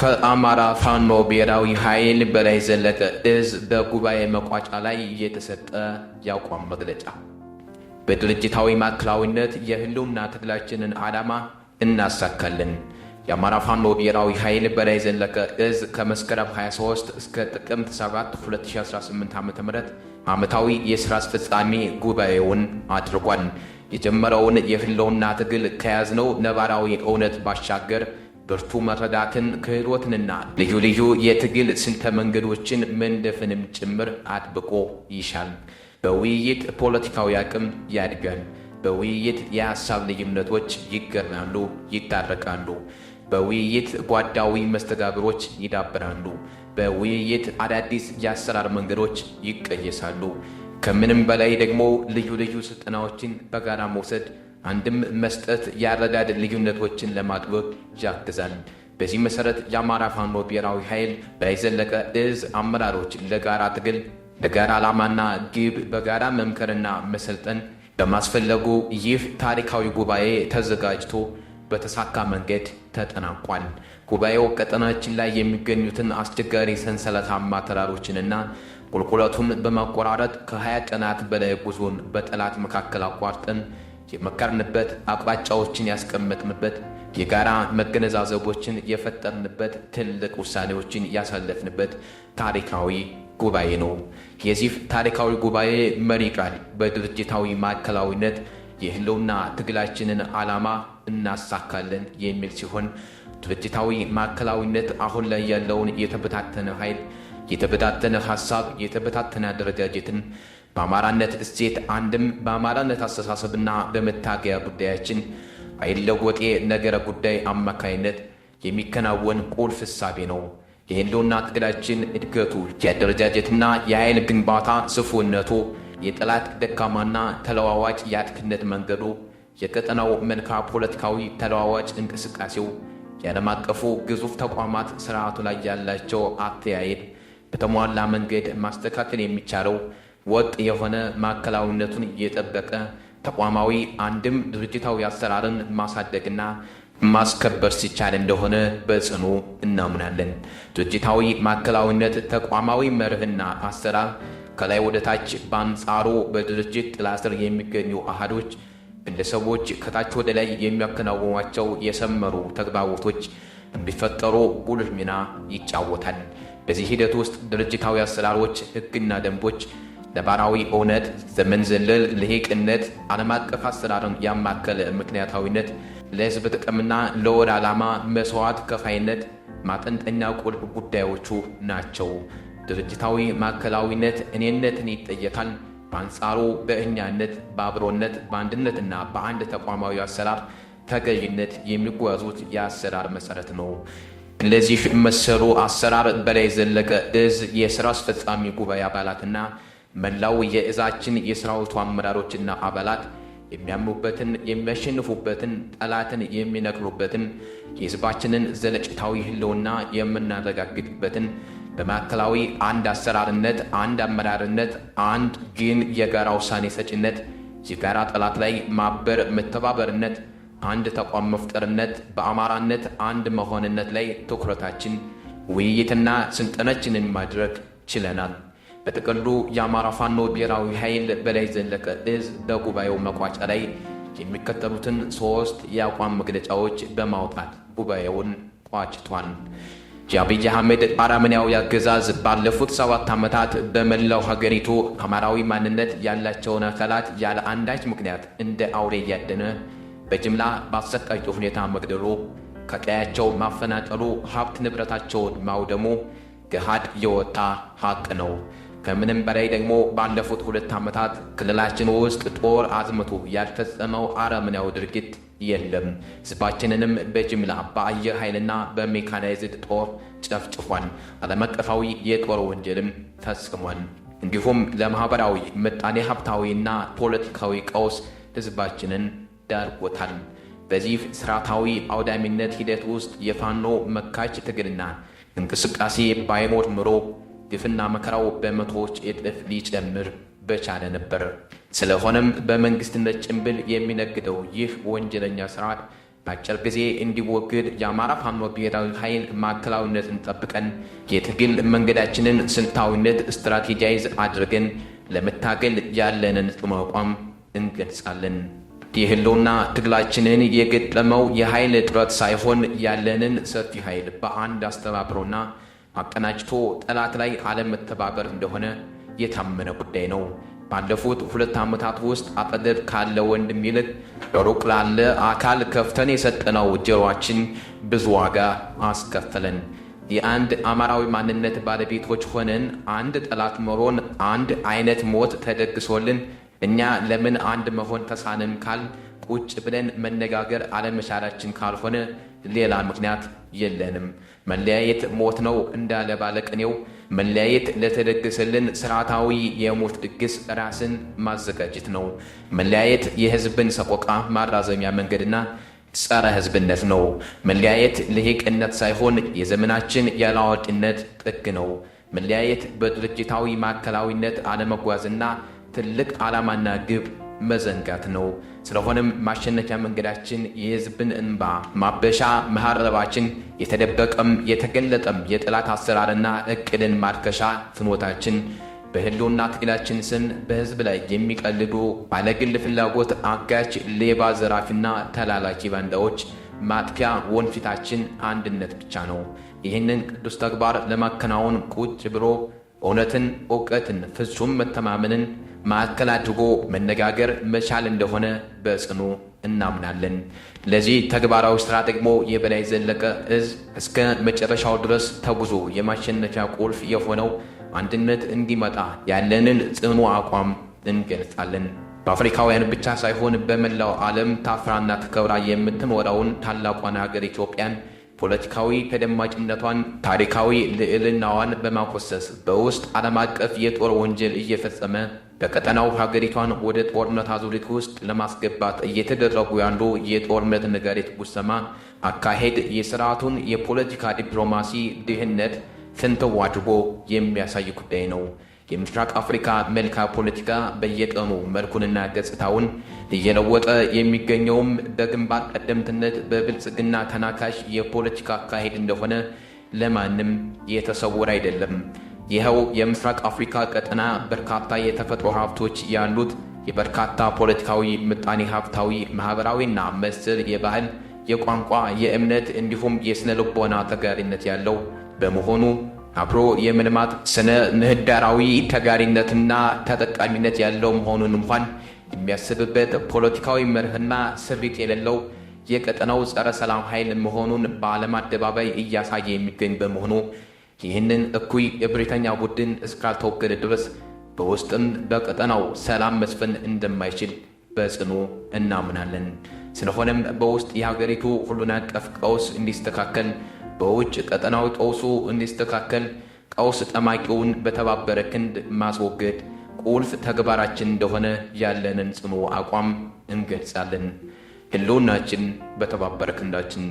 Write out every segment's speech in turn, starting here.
ከአማራ ፋኖ ብሔራዊ ኃይል በላይ ዘለቀ እዝ በጉባኤ መቋጫ ላይ የተሰጠ የአቋም መግለጫ በድርጅታዊ ማዕከላዊነት የህልውና ትግላችንን ዓላማ እናሳካለን። የአማራ ፋኖ ብሔራዊ ኃይል በላይ ዘለቀ እዝ ከመስከረም 23 እስከ ጥቅምት 7 2018 ዓ ም ዓመታዊ የሥራ አስፈጻሚ ጉባኤውን አድርጓል። የጀመረውን የህልውና ትግል ከያዝነው ነባራዊ እውነት ባሻገር ብርቱ መረዳትን ክህሎትንና ልዩ ልዩ የትግል ስልተ መንገዶችን መንደፍንም ጭምር አጥብቆ ይሻል። በውይይት ፖለቲካዊ አቅም ያድጋል። በውይይት የሀሳብ ልዩነቶች ይገራሉ፣ ይታረቃሉ። በውይይት ጓዳዊ መስተጋብሮች ይዳብራሉ። በውይይት አዳዲስ የአሰራር መንገዶች ይቀየሳሉ። ከምንም በላይ ደግሞ ልዩ ልዩ ስልጠናዎችን በጋራ መውሰድ አንድም መስጠት የአረዳድ ልዩነቶችን ለማጥበብ ያግዛል። በዚህ መሰረት የአማራ ፋኖ ብሔራዊ ኃይል በይዘለቀ እዝ አመራሮች ለጋራ ትግል፣ ለጋራ ዓላማና ግብ በጋራ መምከርና መሰልጠን በማስፈለጉ ይህ ታሪካዊ ጉባኤ ተዘጋጅቶ በተሳካ መንገድ ተጠናቋል። ጉባኤው ቀጠናችን ላይ የሚገኙትን አስቸጋሪ ሰንሰለታማ ተራሮችንና ቁልቁለቱን በማቆራረጥ ከ20 ቀናት በላይ ጉዞን በጠላት መካከል አቋርጠን የመከርንበት፣ አቅጣጫዎችን ያስቀመጥንበት፣ የጋራ መገነዛዘቦችን የፈጠርንበት፣ ትልቅ ውሳኔዎችን ያሳለፍንበት ታሪካዊ ጉባኤ ነው። የዚህ ታሪካዊ ጉባኤ መሪ ቃል በድርጅታዊ ማዕከላዊነት የህልውና ትግላችንን ዓላማ እናሳካለን የሚል ሲሆን ድርጅታዊ ማዕከላዊነት አሁን ላይ ያለውን የተበታተነ ኃይል፣ የተበታተነ ሀሳብ፣ የተበታተነ አደረጃጀትን በአማራነት እሴት አንድም በአማራነት አስተሳሰብና በመታገያ ጉዳያችን አይለወጤ ነገረ ጉዳይ አማካይነት የሚከናወን ቁልፍ እሳቤ ነው። የህልውና ትግላችን እድገቱ፣ የአደረጃጀትና የኃይል ግንባታ ስፉነቱ፣ የጠላት ደካማና ተለዋዋጭ የአጥክነት መንገዱ፣ የቀጠናው መልካ ፖለቲካዊ ተለዋዋጭ እንቅስቃሴው፣ የዓለም አቀፉ ግዙፍ ተቋማት ስርዓቱ ላይ ያላቸው አተያየት በተሟላ መንገድ ማስተካከል የሚቻለው ወጥ የሆነ ማዕከላዊነቱን እየጠበቀ ተቋማዊ አንድም ድርጅታዊ አሰራርን ማሳደግና ማስከበር ሲቻል እንደሆነ በጽኑ እናምናለን። ድርጅታዊ ማዕከላዊነት ተቋማዊ መርህና አሰራር ከላይ ወደ ታች፣ በአንጻሩ በድርጅት ጥላ ስር የሚገኙ አሃዶች ግለሰቦች ከታች ወደ ላይ የሚያከናውኗቸው የሰመሩ ተግባቦቶች እንዲፈጠሩ ጉልህ ሚና ይጫወታል። በዚህ ሂደት ውስጥ ድርጅታዊ አሰራሮች፣ ሕግና ደንቦች ነባራዊ እውነት፣ ዘመን ዘለል ልሂቅነት፣ ዓለም አቀፍ አሰራርን ያማከለ ምክንያታዊነት፣ ለህዝብ ጥቅምና ለወር ዓላማ መስዋዕት ከፋይነት ማጠንጠኛ ቁልፍ ጉዳዮቹ ናቸው። ድርጅታዊ ማዕከላዊነት እኔነትን ይጠየቃል። በአንጻሩ በእኛነት፣ በአብሮነት፣ በአንድነትና በአንድ ተቋማዊ አሰራር ተገዥነት የሚጓዙት የአሰራር መሰረት ነው። እንደዚህ መሰሉ አሰራር በላይ ዘለቀ እዝ የሥራ አስፈጻሚ ጉባኤ አባላትና መላው የእዛችን የሰራዊቱ አመራሮችና አባላት የሚያምኑበትን የሚያሸንፉበትን ጠላትን የሚነቅሉበትን የሕዝባችንን ዘለጭታዊ ህልውና የምናረጋግጥበትን በማዕከላዊ አንድ አሰራርነት፣ አንድ አመራርነት፣ አንድ ግን የጋራ ውሳኔ ሰጪነት፣ የጋራ ጠላት ላይ ማበር መተባበርነት፣ አንድ ተቋም መፍጠርነት፣ በአማራነት አንድ መሆንነት ላይ ትኩረታችን ውይይትና ስልጠናችንን ማድረግ ችለናል። በጥቅሉ የአማራ ፋኖ ብሔራዊ ኃይል በላይ ዘለቀ እዝ በጉባኤው መቋጫ ላይ የሚከተሉትን ሶስት የአቋም መግለጫዎች በማውጣት ጉባኤውን ቋጭቷል። የአብይ አህመድ አራምንያዊ አገዛዝ ባለፉት ሰባት ዓመታት በመላው ሀገሪቱ አማራዊ ማንነት ያላቸውን አካላት ያለ አንዳች ምክንያት እንደ አውሬ እያደነ በጅምላ በአሰቃቂ ሁኔታ መግደሉ፣ ከቀያቸው ማፈናቀሉ፣ ሀብት ንብረታቸውን ማውደሙ ገሃድ የወጣ ሀቅ ነው። ከምንም በላይ ደግሞ ባለፉት ሁለት ዓመታት ክልላችን ውስጥ ጦር አዝምቶ ያልፈጸመው አረመኔያዊ ድርጊት የለም። ህዝባችንንም በጅምላ በአየር ኃይልና በሜካናይዝድ ጦር ጨፍጭፏል። ዓለም አቀፋዊ የጦር ወንጀልም ፈጽሟል። እንዲሁም ለማኅበራዊ ምጣኔ ሀብታዊና ፖለቲካዊ ቀውስ ህዝባችንን ዳርጎታል። በዚህ ስርዓታዊ አውዳሚነት ሂደት ውስጥ የፋኖ መካች ትግልና እንቅስቃሴ ባይኖር ምሮ ግፍና መከራው በመቶዎች እጥፍ ሊጨምር በቻለ ነበር። ስለሆነም በመንግስትነት ጭንብል የሚነግደው ይህ ወንጀለኛ ስርዓት በአጭር ጊዜ እንዲወግድ የአማራ ፋኖ ብሔራዊ ኃይል ማዕከላዊነትን ጠብቀን የትግል መንገዳችንን ስልታዊነት ስትራቴጃይዝ አድርገን ለመታገል ያለንን ጽኑ አቋም እንገልጻለን። የህልውና ትግላችንን የገጠመው የኃይል እጥረት ሳይሆን ያለንን ሰፊ ኃይል በአንድ አስተባብሮና አቀናጅቶ ጠላት ላይ አለመተባበር እንደሆነ የታመነ ጉዳይ ነው። ባለፉት ሁለት ዓመታት ውስጥ አጠገብ ካለ ወንድም ይልቅ ሩቅ ላለ አካል ከፍተን የሰጠነው ጆሯችን ብዙ ዋጋ አስከፈለን። የአንድ አማራዊ ማንነት ባለቤቶች ሆነን አንድ ጠላት መሮን አንድ አይነት ሞት ተደግሶልን እኛ ለምን አንድ መሆን ተሳንን ካል ቁጭ ብለን መነጋገር አለመቻላችን ካልሆነ ሌላ ምክንያት የለንም። መለያየት ሞት ነው እንዳለ ባለቅኔው መለያየት ለተደገሰልን ስርዓታዊ የሞት ድግስ ራስን ማዘጋጀት ነው። መለያየት የህዝብን ሰቆቃ ማራዘሚያ መንገድና ጸረ ህዝብነት ነው። መለያየት ልሂቅነት ሳይሆን የዘመናችን ያለዋቂነት ጥግ ነው። መለያየት በድርጅታዊ ማዕከላዊነት አለመጓዝና ትልቅ ዓላማና ግብ መዘንጋት ነው። ስለሆነም ማሸነፊያ መንገዳችን የህዝብን እንባ ማበሻ መሃረባችን የተደበቀም የተገለጠም የጠላት አሰራርና እቅድን ማርከሻ ፍኖታችን በህልውና ትግላችን ስም በህዝብ ላይ የሚቀልዱ ባለግል ፍላጎት አጋች፣ ሌባ፣ ዘራፊና ተላላኪ ባንዳዎች ማጥፊያ ወንፊታችን አንድነት ብቻ ነው። ይህንን ቅዱስ ተግባር ለማከናወን ቁጭ ብሎ እውነትን፣ እውቀትን፣ ፍጹም መተማመንን ማዕከል አድርጎ መነጋገር መቻል እንደሆነ በጽኑ እናምናለን። ለዚህ ተግባራዊ ስራ ደግሞ የበላይ ዘለቀ እዝ እስከ መጨረሻው ድረስ ተጉዞ የማሸነፊያ ቁልፍ የሆነው አንድነት እንዲመጣ ያለንን ጽኑ አቋም እንገልጻለን። በአፍሪካውያን ብቻ ሳይሆን በመላው ዓለም ታፍራና ተከብራ የምትኖረውን ታላቋን ሀገር ኢትዮጵያን ፖለቲካዊ ተደማጭነቷን፣ ታሪካዊ ልዕልናዋን በማኮሰስ በውስጥ ዓለም አቀፍ የጦር ወንጀል እየፈጸመ በቀጠናው ሀገሪቷን ወደ ጦርነት አዙሪት ውስጥ ለማስገባት እየተደረጉ ያሉ የጦርነት ነጋሪት ጉሰማ አካሄድ የስርዓቱን የፖለቲካ ዲፕሎማሲ ድህነት ፍንትው አድርጎ የሚያሳይ ጉዳይ ነው። የምስራቅ አፍሪካ መልካ ፖለቲካ በየቀኑ መልኩንና ገጽታውን እየለወጠ የሚገኘውም በግንባር ቀደምትነት በብልጽግና ተናካሽ የፖለቲካ አካሄድ እንደሆነ ለማንም የተሰወረ አይደለም። ይኸው የምስራቅ አፍሪካ ቀጠና በርካታ የተፈጥሮ ሀብቶች ያሉት የበርካታ ፖለቲካዊ፣ ምጣኔ ሀብታዊ፣ ማኅበራዊና መሰል የባህል፣ የቋንቋ፣ የእምነት እንዲሁም የሥነ ልቦና ተጋሪነት ያለው በመሆኑ አብሮ የመልማት ስነ ምህዳራዊ ተጋሪነትና ተጠቃሚነት ያለው መሆኑን እንኳን የሚያስብበት ፖለቲካዊ መርህና ስሪት የሌለው የቀጠናው ጸረ ሰላም ኃይል መሆኑን በዓለም አደባባይ እያሳየ የሚገኝ በመሆኑ ይህንን እኩይ የብሪተኛ ቡድን እስካልተወገደ ድረስ በውስጥም በቀጠናው ሰላም መስፈን እንደማይችል በጽኑ እናምናለን። ስለሆነም በውስጥ የሀገሪቱ ሁሉን አቀፍ ቀውስ እንዲስተካከል በውጭ ቀጠናው ቀውሱ እንዲስተካከል ቀውስ ጠማቂውን በተባበረ ክንድ ማስወገድ ቁልፍ ተግባራችን እንደሆነ ያለንን ጽኑ አቋም እንገልጻለን። ህልውናችን በተባበረ ክንዳችን።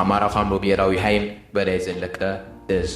አማራ ፋኖ ብሔራዊ ኃይል በላይ ዘለቀ እዝ